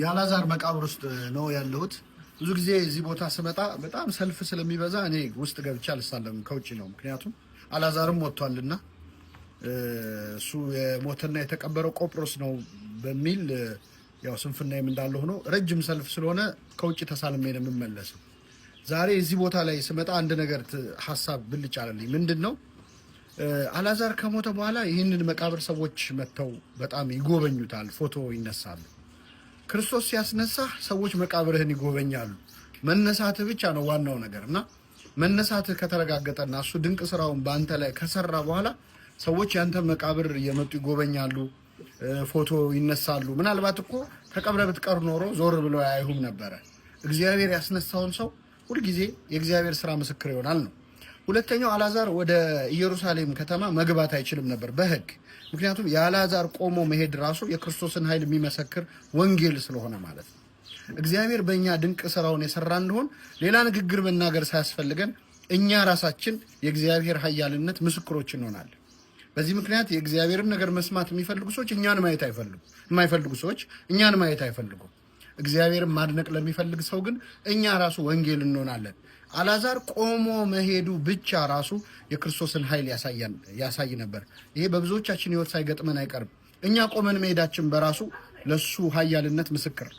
የአላዛር መቃብር ውስጥ ነው ያለሁት። ብዙ ጊዜ እዚህ ቦታ ስመጣ በጣም ሰልፍ ስለሚበዛ እኔ ውስጥ ገብቼ አልሳለም፣ ከውጭ ነው። ምክንያቱም አላዛርም ወጥቷልና እሱ የሞተና የተቀበረው ቆጵሮስ ነው በሚል ያው ስንፍናዬም እንዳለ ሆኖ ረጅም ሰልፍ ስለሆነ ከውጭ ተሳልሜ ነው የምመለሰው። ዛሬ እዚህ ቦታ ላይ ስመጣ አንድ ነገር ሀሳብ ብልጭ አለልኝ። ምንድን ነው አላዛር ከሞተ በኋላ ይህንን መቃብር ሰዎች መጥተው በጣም ይጎበኙታል፣ ፎቶ ይነሳሉ። ክርስቶስ ሲያስነሳ ሰዎች መቃብርህን ይጎበኛሉ። መነሳትህ ብቻ ነው ዋናው ነገር እና መነሳትህ ከተረጋገጠና እሱ ድንቅ ስራውን በአንተ ላይ ከሰራ በኋላ ሰዎች ያንተ መቃብር የመጡ ይጎበኛሉ፣ ፎቶ ይነሳሉ። ምናልባት እኮ ተቀብረ ብትቀር ኖሮ ዞር ብለው አይሁም ነበረ። እግዚአብሔር ያስነሳውን ሰው ሁልጊዜ የእግዚአብሔር ስራ ምስክር ይሆናል ነው ሁለተኛው አላዛር ወደ ኢየሩሳሌም ከተማ መግባት አይችልም ነበር በህግ ምክንያቱም የአላዛር ቆሞ መሄድ ራሱ የክርስቶስን ኃይል የሚመሰክር ወንጌል ስለሆነ ማለት ነው። እግዚአብሔር በእኛ ድንቅ ስራውን የሰራ እንደሆን ሌላ ንግግር መናገር ሳያስፈልገን እኛ ራሳችን የእግዚአብሔር ኃያልነት ምስክሮች እንሆናለን። በዚህ ምክንያት የእግዚአብሔርን ነገር መስማት የሚፈልጉ ሰዎች እኛን ማየት አይፈልጉ የማይፈልጉ ሰዎች እኛን ማየት አይፈልጉም። እግዚአብሔርን ማድነቅ ለሚፈልግ ሰው ግን እኛ ራሱ ወንጌል እንሆናለን። አላዛር ቆሞ መሄዱ ብቻ ራሱ የክርስቶስን ኃይል ያሳይ ነበር። ይሄ በብዙዎቻችን ሕይወት ሳይገጥመን አይቀርም። እኛ ቆመን መሄዳችን በራሱ ለሱ ኃያልነት ምስክር